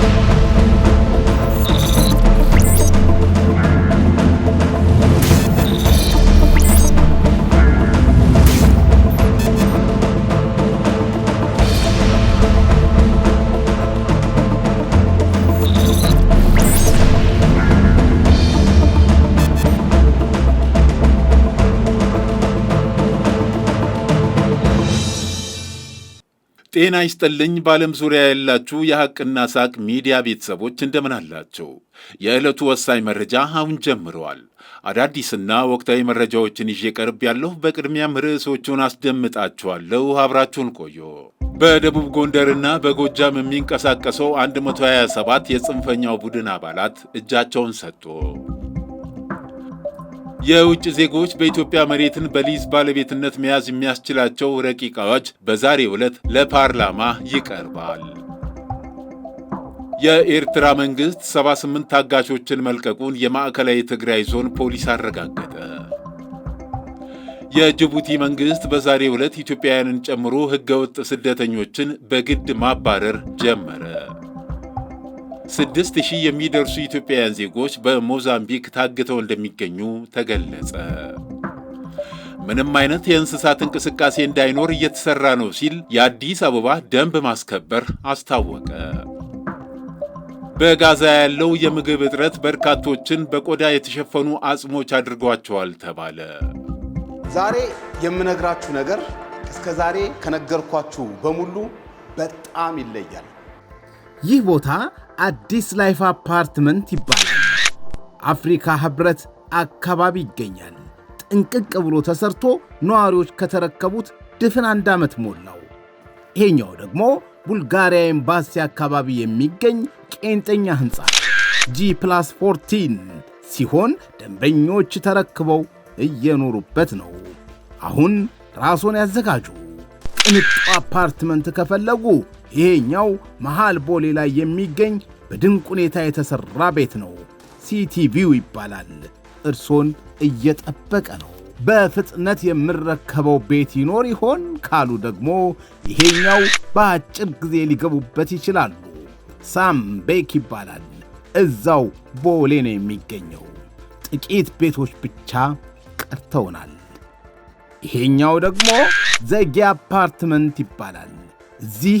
Thank you. ጤና ይስጥልኝ በዓለም ዙሪያ ያላችሁ የሐቅና ሳቅ ሚዲያ ቤተሰቦች እንደምን አላችሁ? የዕለቱ ወሳኝ መረጃ አሁን ጀምረዋል። አዳዲስና ወቅታዊ መረጃዎችን ይዤ ቀርብ ያለሁ። በቅድሚያም ርዕሶቹን አስደምጣችኋለሁ። አብራችሁን ቆዩ። በደቡብ ጎንደርና በጎጃም የሚንቀሳቀሰው 127 የጽንፈኛው ቡድን አባላት እጃቸውን ሰጡ። የውጭ ዜጎች በኢትዮጵያ መሬትን በሊዝ ባለቤትነት መያዝ የሚያስችላቸው ረቂቅ አዋጅ በዛሬው ዕለት ለፓርላማ ይቀርባል። የኤርትራ መንግሥት 78 ታጋቾችን መልቀቁን የማዕከላዊ ትግራይ ዞን ፖሊስ አረጋገጠ። የጅቡቲ መንግሥት በዛሬ ዕለት ኢትዮጵያውያንን ጨምሮ ሕገወጥ ስደተኞችን በግድ ማባረር ጀመረ። ስድስት ሺህ የሚደርሱ ኢትዮጵያውያን ዜጎች በሞዛምቢክ ታግተው እንደሚገኙ ተገለጸ። ምንም አይነት የእንስሳት እንቅስቃሴ እንዳይኖር እየተሰራ ነው ሲል የአዲስ አበባ ደንብ ማስከበር አስታወቀ። በጋዛ ያለው የምግብ እጥረት በርካቶችን በቆዳ የተሸፈኑ አጽሞች አድርጓቸዋል ተባለ። ዛሬ የምነግራችሁ ነገር እስከ ዛሬ ከነገርኳችሁ በሙሉ በጣም ይለያል። ይህ ቦታ አዲስ ላይፍ አፓርትመንት ይባላል። አፍሪካ ህብረት አካባቢ ይገኛል። ጥንቅቅ ብሎ ተሰርቶ ነዋሪዎች ከተረከቡት ድፍን አንድ ዓመት ሞላው። ይሄኛው ደግሞ ቡልጋሪያ ኤምባሲ አካባቢ የሚገኝ ቄንጠኛ ሕንፃ ጂ ፕላስ 14 ሲሆን ደንበኞች ተረክበው እየኖሩበት ነው። አሁን ራስዎን ያዘጋጁ። ቅንጡ አፓርትመንት ከፈለጉ ይሄኛው መሃል ቦሌ ላይ የሚገኝ በድንቅ ሁኔታ የተሠራ ቤት ነው። ሲቲቪው ይባላል። እርሶን እየጠበቀ ነው። በፍጥነት የምረከበው ቤት ይኖር ይሆን ካሉ ደግሞ ይሄኛው በአጭር ጊዜ ሊገቡበት ይችላሉ። ሳም ቤክ ይባላል። እዛው ቦሌ ነው የሚገኘው። ጥቂት ቤቶች ብቻ ቀርተውናል። ይሄኛው ደግሞ ዘጌ አፓርትመንት ይባላል። እዚህ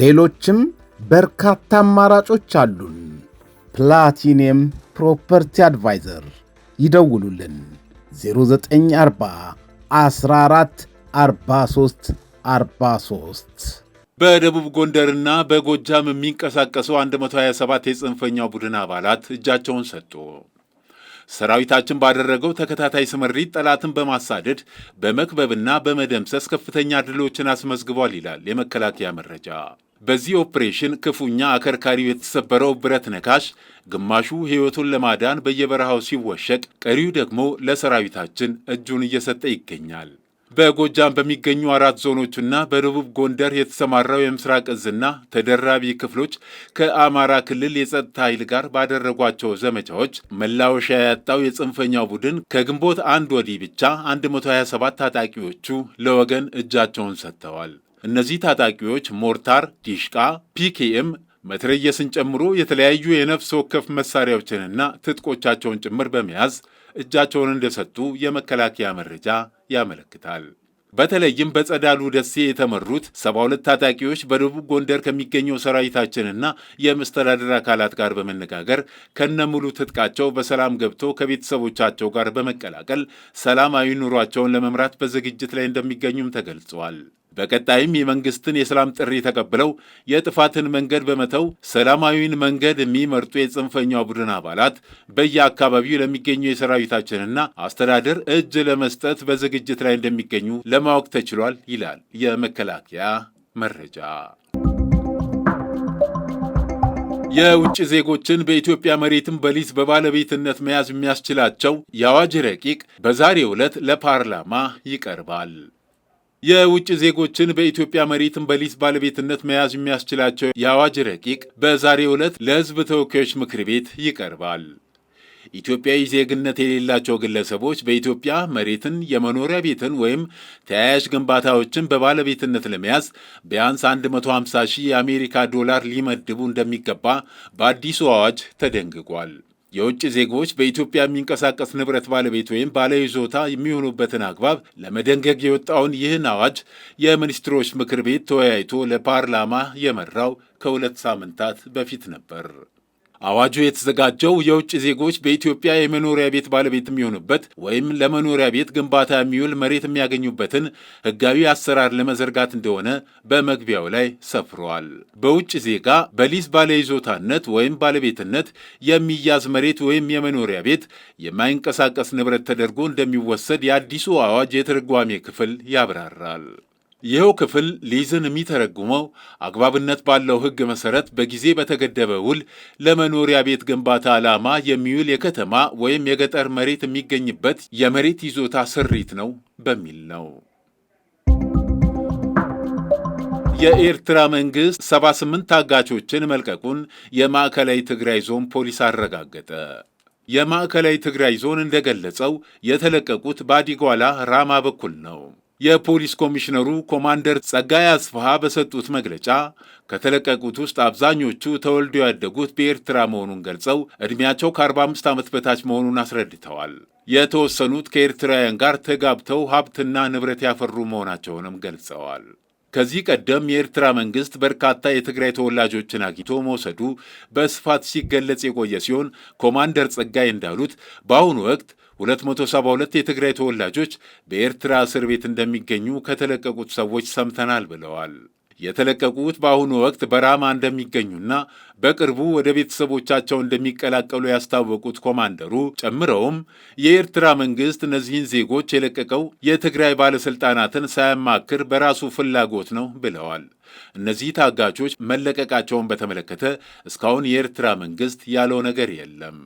ሌሎችም በርካታ አማራጮች አሉን። ፕላቲኒየም ፕሮፐርቲ አድቫይዘር ይደውሉልን 0940 14 43 43 በደቡብ ጎንደርና በጎጃም የሚንቀሳቀሰው 127 የጽንፈኛው ቡድን አባላት እጃቸውን ሰጡ። ሰራዊታችን ባደረገው ተከታታይ ስምሪት ጠላትን በማሳደድ በመክበብና በመደምሰስ ከፍተኛ ድሎችን አስመዝግቧል ይላል የመከላከያ መረጃ። በዚህ ኦፕሬሽን ክፉኛ አከርካሪው የተሰበረው ብረት ነካሽ ግማሹ ሕይወቱን ለማዳን በየበረሃው ሲወሸቅ፣ ቀሪው ደግሞ ለሰራዊታችን እጁን እየሰጠ ይገኛል። በጎጃም በሚገኙ አራት ዞኖችና በደቡብ ጎንደር የተሰማራው የምስራቅ እዝና ተደራቢ ክፍሎች ከአማራ ክልል የጸጥታ ኃይል ጋር ባደረጓቸው ዘመቻዎች መላወሻ ያጣው የጽንፈኛው ቡድን ከግንቦት አንድ ወዲህ ብቻ 127 ታጣቂዎቹ ለወገን እጃቸውን ሰጥተዋል። እነዚህ ታጣቂዎች ሞርታር፣ ዲሽቃ፣ ፒኬኤም መትረየስን ጨምሮ የተለያዩ የነፍስ ወከፍ መሳሪያዎችንና ትጥቆቻቸውን ጭምር በመያዝ እጃቸውን እንደሰጡ የመከላከያ መረጃ ያመለክታል። በተለይም በጸዳሉ ደሴ የተመሩት ሰባ ሁለት ታጣቂዎች በደቡብ ጎንደር ከሚገኘው ሰራዊታችንና የመስተዳደር አካላት ጋር በመነጋገር ከነሙሉ ትጥቃቸው በሰላም ገብቶ ከቤተሰቦቻቸው ጋር በመቀላቀል ሰላማዊ ኑሯቸውን ለመምራት በዝግጅት ላይ እንደሚገኙም ተገልጸዋል። በቀጣይም የመንግስትን የሰላም ጥሪ ተቀብለው የጥፋትን መንገድ በመተው ሰላማዊን መንገድ የሚመርጡ የጽንፈኛው ቡድን አባላት በየአካባቢው ለሚገኙ የሰራዊታችንና አስተዳደር እጅ ለመስጠት በዝግጅት ላይ እንደሚገኙ ለማወቅ ተችሏል ይላል የመከላከያ መረጃ። የውጭ ዜጎችን በኢትዮጵያ መሬትም በሊዝ በባለቤትነት መያዝ የሚያስችላቸው የአዋጅ ረቂቅ በዛሬው ዕለት ለፓርላማ ይቀርባል። የውጭ ዜጎችን በኢትዮጵያ መሬትን በሊዝ ባለቤትነት መያዝ የሚያስችላቸው የአዋጅ ረቂቅ በዛሬው ዕለት ለሕዝብ ተወካዮች ምክር ቤት ይቀርባል። ኢትዮጵያዊ ዜግነት የሌላቸው ግለሰቦች በኢትዮጵያ መሬትን፣ የመኖሪያ ቤትን ወይም ተያያዥ ግንባታዎችን በባለቤትነት ለመያዝ ቢያንስ 150 ሺህ የአሜሪካ ዶላር ሊመድቡ እንደሚገባ በአዲሱ አዋጅ ተደንግጓል። የውጭ ዜጎች በኢትዮጵያ የሚንቀሳቀስ ንብረት ባለቤት ወይም ባለይዞታ የሚሆኑበትን አግባብ ለመደንገግ የወጣውን ይህን አዋጅ የሚኒስትሮች ምክር ቤት ተወያይቶ ለፓርላማ የመራው ከሁለት ሳምንታት በፊት ነበር። አዋጁ የተዘጋጀው የውጭ ዜጎች በኢትዮጵያ የመኖሪያ ቤት ባለቤት የሚሆኑበት ወይም ለመኖሪያ ቤት ግንባታ የሚውል መሬት የሚያገኙበትን ሕጋዊ አሰራር ለመዘርጋት እንደሆነ በመግቢያው ላይ ሰፍረዋል። በውጭ ዜጋ በሊዝ ባለይዞታነት ወይም ባለቤትነት የሚያዝ መሬት ወይም የመኖሪያ ቤት የማይንቀሳቀስ ንብረት ተደርጎ እንደሚወሰድ የአዲሱ አዋጅ የትርጓሜ ክፍል ያብራራል። ይኸው ክፍል ሊዝን የሚተረጉመው አግባብነት ባለው ሕግ መሰረት በጊዜ በተገደበ ውል ለመኖሪያ ቤት ግንባታ ዓላማ የሚውል የከተማ ወይም የገጠር መሬት የሚገኝበት የመሬት ይዞታ ስሪት ነው በሚል ነው። የኤርትራ መንግሥት 78 ታጋቾችን መልቀቁን የማዕከላዊ ትግራይ ዞን ፖሊስ አረጋገጠ። የማዕከላዊ ትግራይ ዞን እንደገለጸው የተለቀቁት በአዲጓላ ራማ በኩል ነው። የፖሊስ ኮሚሽነሩ ኮማንደር ጸጋይ አስፋሃ በሰጡት መግለጫ ከተለቀቁት ውስጥ አብዛኞቹ ተወልደው ያደጉት በኤርትራ መሆኑን ገልጸው ዕድሜያቸው ከ45 ዓመት በታች መሆኑን አስረድተዋል። የተወሰኑት ከኤርትራውያን ጋር ተጋብተው ሀብትና ንብረት ያፈሩ መሆናቸውንም ገልጸዋል። ከዚህ ቀደም የኤርትራ መንግስት በርካታ የትግራይ ተወላጆችን አግኝቶ መውሰዱ በስፋት ሲገለጽ የቆየ ሲሆን ኮማንደር ጸጋይ እንዳሉት በአሁኑ ወቅት 272 የትግራይ ተወላጆች በኤርትራ እስር ቤት እንደሚገኙ ከተለቀቁት ሰዎች ሰምተናል ብለዋል። የተለቀቁት በአሁኑ ወቅት በራማ እንደሚገኙና በቅርቡ ወደ ቤተሰቦቻቸው እንደሚቀላቀሉ ያስታወቁት ኮማንደሩ ጨምረውም የኤርትራ መንግስት እነዚህን ዜጎች የለቀቀው የትግራይ ባለሥልጣናትን ሳያማክር በራሱ ፍላጎት ነው ብለዋል። እነዚህ ታጋቾች መለቀቃቸውን በተመለከተ እስካሁን የኤርትራ መንግስት ያለው ነገር የለም።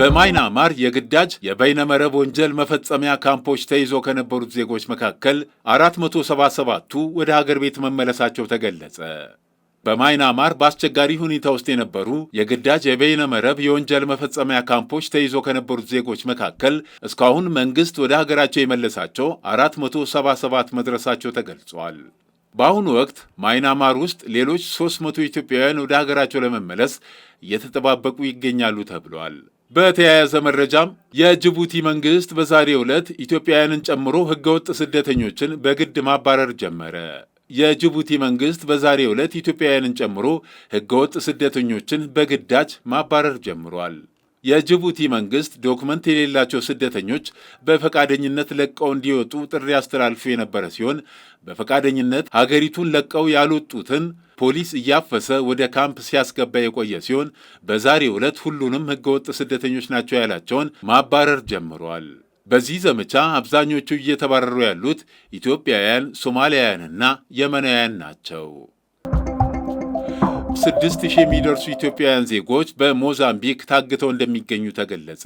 በማይናማር የግዳጅ የበይነመረብ ወንጀል መፈጸሚያ ካምፖች ተይዞ ከነበሩት ዜጎች መካከል 477ቱ ወደ ሀገር ቤት መመለሳቸው ተገለጸ። በማይናማር በአስቸጋሪ ሁኔታ ውስጥ የነበሩ የግዳጅ የበይነመረብ የወንጀል መፈጸሚያ ካምፖች ተይዞ ከነበሩት ዜጎች መካከል እስካሁን መንግሥት ወደ ሀገራቸው የመለሳቸው 477 መድረሳቸው ተገልጿል። በአሁኑ ወቅት ማይናማር ውስጥ ሌሎች 300 ኢትዮጵያውያን ወደ ሀገራቸው ለመመለስ እየተጠባበቁ ይገኛሉ ተብሏል። በተያያዘ መረጃም የጅቡቲ መንግስት በዛሬው ዕለት ኢትዮጵያውያንን ጨምሮ ህገወጥ ስደተኞችን በግድ ማባረር ጀመረ። የጅቡቲ መንግስት በዛሬው ዕለት ኢትዮጵያውያንን ጨምሮ ህገወጥ ስደተኞችን በግዳጅ ማባረር ጀምሯል። የጅቡቲ መንግስት ዶክመንት የሌላቸው ስደተኞች በፈቃደኝነት ለቀው እንዲወጡ ጥሪ አስተላልፎ የነበረ ሲሆን በፈቃደኝነት ሀገሪቱን ለቀው ያልወጡትን ፖሊስ እያፈሰ ወደ ካምፕ ሲያስገባ የቆየ ሲሆን በዛሬ ዕለት ሁሉንም ህገወጥ ስደተኞች ናቸው ያላቸውን ማባረር ጀምሯል። በዚህ ዘመቻ አብዛኞቹ እየተባረሩ ያሉት ኢትዮጵያውያን፣ ሶማሊያውያንና የመናውያን ናቸው። ስድስት ሺህ የሚደርሱ ኢትዮጵያውያን ዜጎች በሞዛምቢክ ታግተው እንደሚገኙ ተገለጸ።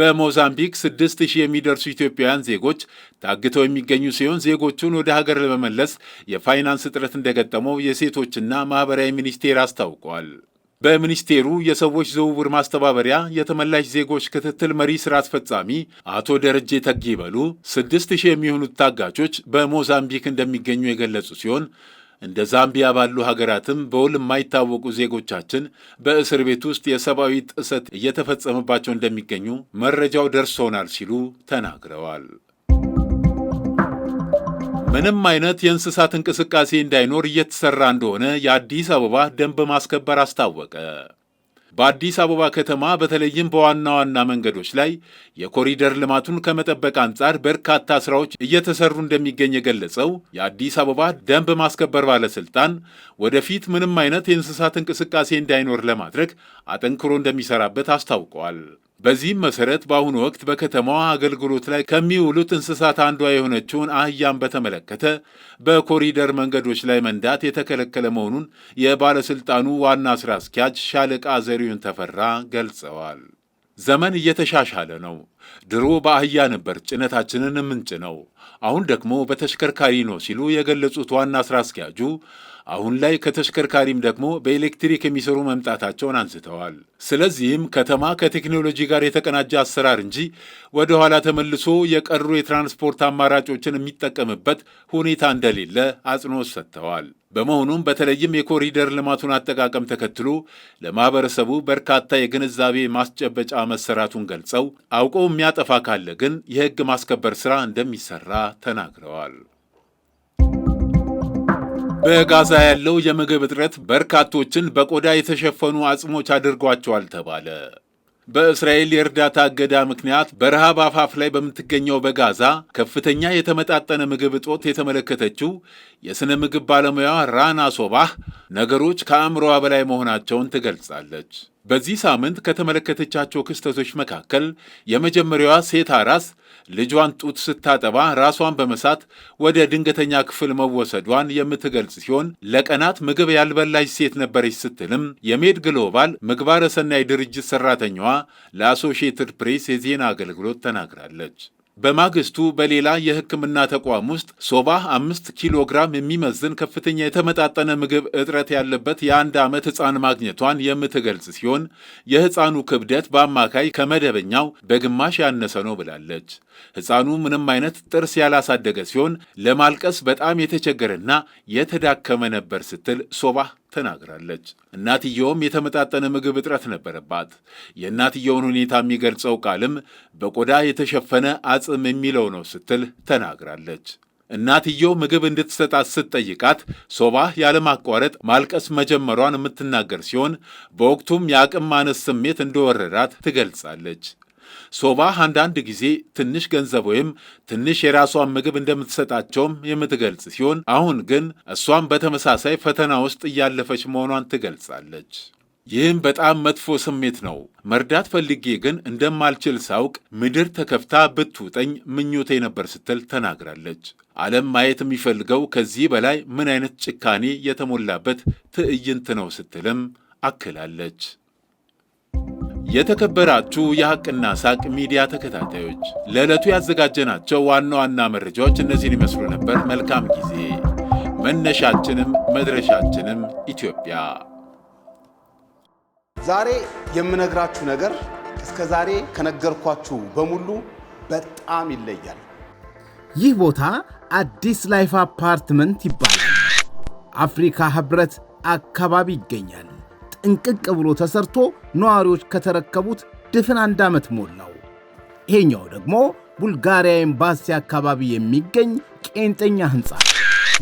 በሞዛምቢክ ስድስት ሺህ የሚደርሱ ኢትዮጵያውያን ዜጎች ታግተው የሚገኙ ሲሆን ዜጎቹን ወደ ሀገር ለመመለስ የፋይናንስ እጥረት እንደገጠመው የሴቶችና ማኅበራዊ ሚኒስቴር አስታውቋል። በሚኒስቴሩ የሰዎች ዝውውር ማስተባበሪያ የተመላሽ ዜጎች ክትትል መሪ ስራ አስፈጻሚ አቶ ደረጀ ተጌበሉ ስድስት ሺህ የሚሆኑት ታጋቾች በሞዛምቢክ እንደሚገኙ የገለጹ ሲሆን እንደ ዛምቢያ ባሉ ሀገራትም በውል የማይታወቁ ዜጎቻችን በእስር ቤት ውስጥ የሰብአዊ ጥሰት እየተፈጸመባቸው እንደሚገኙ መረጃው ደርሶናል ሲሉ ተናግረዋል። ምንም አይነት የእንስሳት እንቅስቃሴ እንዳይኖር እየተሰራ እንደሆነ የአዲስ አበባ ደንብ ማስከበር አስታወቀ። በአዲስ አበባ ከተማ በተለይም በዋና ዋና መንገዶች ላይ የኮሪደር ልማቱን ከመጠበቅ አንጻር በርካታ ስራዎች እየተሰሩ እንደሚገኝ የገለጸው የአዲስ አበባ ደንብ ማስከበር ባለስልጣን ወደፊት ምንም አይነት የእንስሳት እንቅስቃሴ እንዳይኖር ለማድረግ አጠንክሮ እንደሚሰራበት አስታውቀዋል። በዚህም መሰረት በአሁኑ ወቅት በከተማዋ አገልግሎት ላይ ከሚውሉት እንስሳት አንዷ የሆነችውን አህያን በተመለከተ በኮሪደር መንገዶች ላይ መንዳት የተከለከለ መሆኑን የባለስልጣኑ ዋና ስራ አስኪያጅ ሻለቃ ዘሪሁን ተፈራ ገልጸዋል። ዘመን እየተሻሻለ ነው። ድሮ በአህያ ነበር ጭነታችንን የምንጭነው፣ አሁን ደግሞ በተሽከርካሪ ነው ሲሉ የገለጹት ዋና ስራ አስኪያጁ አሁን ላይ ከተሽከርካሪም ደግሞ በኤሌክትሪክ የሚሰሩ መምጣታቸውን አንስተዋል። ስለዚህም ከተማ ከቴክኖሎጂ ጋር የተቀናጀ አሰራር እንጂ ወደ ኋላ ተመልሶ የቀሩ የትራንስፖርት አማራጮችን የሚጠቀምበት ሁኔታ እንደሌለ አጽንኦት ሰጥተዋል። በመሆኑም በተለይም የኮሪደር ልማቱን አጠቃቀም ተከትሎ ለማህበረሰቡ በርካታ የግንዛቤ ማስጨበጫ መሰራቱን ገልጸው አውቀው የሚያጠፋ ካለ ግን የሕግ ማስከበር ስራ እንደሚሰራ ተናግረዋል። በጋዛ ያለው የምግብ እጥረት በርካቶችን በቆዳ የተሸፈኑ አጽሞች አድርጓቸዋል ተባለ። በእስራኤል የእርዳታ እገዳ ምክንያት በረሃብ አፋፍ ላይ በምትገኘው በጋዛ ከፍተኛ የተመጣጠነ ምግብ እጦት የተመለከተችው የሥነ ምግብ ባለሙያ ራና ሶባህ ነገሮች ከአእምሮዋ በላይ መሆናቸውን ትገልጻለች። በዚህ ሳምንት ከተመለከተቻቸው ክስተቶች መካከል የመጀመሪያዋ ሴት አራስ ልጇን ጡት ስታጠባ ራሷን በመሳት ወደ ድንገተኛ ክፍል መወሰዷን የምትገልጽ ሲሆን ለቀናት ምግብ ያልበላች ሴት ነበረች ስትልም የሜድ ግሎባል ምግባረ ሰናይ ድርጅት ሰራተኛዋ ለአሶሺየትድ ፕሬስ የዜና አገልግሎት ተናግራለች። በማግስቱ በሌላ የሕክምና ተቋም ውስጥ ሶባ አምስት ኪሎ ግራም የሚመዝን ከፍተኛ የተመጣጠነ ምግብ እጥረት ያለበት የአንድ ዓመት ሕፃን ማግኘቷን የምትገልጽ ሲሆን የሕፃኑ ክብደት በአማካይ ከመደበኛው በግማሽ ያነሰ ነው ብላለች። ሕፃኑ ምንም አይነት ጥርስ ያላሳደገ ሲሆን ለማልቀስ በጣም የተቸገረና የተዳከመ ነበር ስትል ሶባ ተናግራለች። እናትየውም የተመጣጠነ ምግብ እጥረት ነበረባት። የእናትየውን ሁኔታ የሚገልጸው ቃልም በቆዳ የተሸፈነ አጽም የሚለው ነው ስትል ተናግራለች። እናትየው ምግብ እንድትሰጣት ስትጠይቃት ሶባህ ያለማቋረጥ ማልቀስ መጀመሯን የምትናገር ሲሆን በወቅቱም የአቅም ማነስ ስሜት እንደወረዳት ትገልጻለች። ሶባህ አንዳንድ ጊዜ ትንሽ ገንዘብ ወይም ትንሽ የራሷን ምግብ እንደምትሰጣቸውም የምትገልጽ ሲሆን አሁን ግን እሷም በተመሳሳይ ፈተና ውስጥ እያለፈች መሆኗን ትገልጻለች። ይህም በጣም መጥፎ ስሜት ነው። መርዳት ፈልጌ ግን እንደማልችል ሳውቅ ምድር ተከፍታ ብትውጠኝ ምኞቴ ነበር ስትል ተናግራለች። ዓለም ማየት የሚፈልገው ከዚህ በላይ ምን አይነት ጭካኔ የተሞላበት ትዕይንት ነው ስትልም አክላለች። የተከበራችሁ የሐቅና ሳቅ ሚዲያ ተከታታዮች ለዕለቱ ያዘጋጀናቸው ዋና ዋና መረጃዎች እነዚህን ይመስሉ ነበር። መልካም ጊዜ። መነሻችንም መድረሻችንም ኢትዮጵያ። ዛሬ የምነግራችሁ ነገር እስከ ዛሬ ከነገርኳችሁ በሙሉ በጣም ይለያል። ይህ ቦታ አዲስ ላይፍ አፓርትመንት ይባላል። አፍሪካ ህብረት አካባቢ ይገኛል። እንቅቅ ብሎ ተሰርቶ ነዋሪዎች ከተረከቡት ድፍን አንድ ዓመት ሞላው። ይሄኛው ደግሞ ቡልጋሪያ ኤምባሲ አካባቢ የሚገኝ ቄንጠኛ ሕንፃ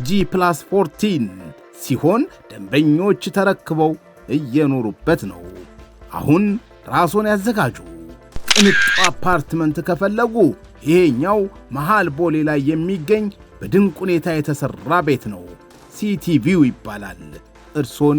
ጂ ፕላስ 14 ሲሆን ደንበኞች ተረክበው እየኖሩበት ነው። አሁን ራስዎን ያዘጋጁ። ቅንጡ አፓርትመንት ከፈለጉ ይሄኛው መሃል ቦሌ ላይ የሚገኝ በድንቅ ሁኔታ የተሠራ ቤት ነው። ሲቲቪው ይባላል። እርሶን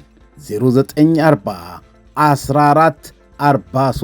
0940 14 43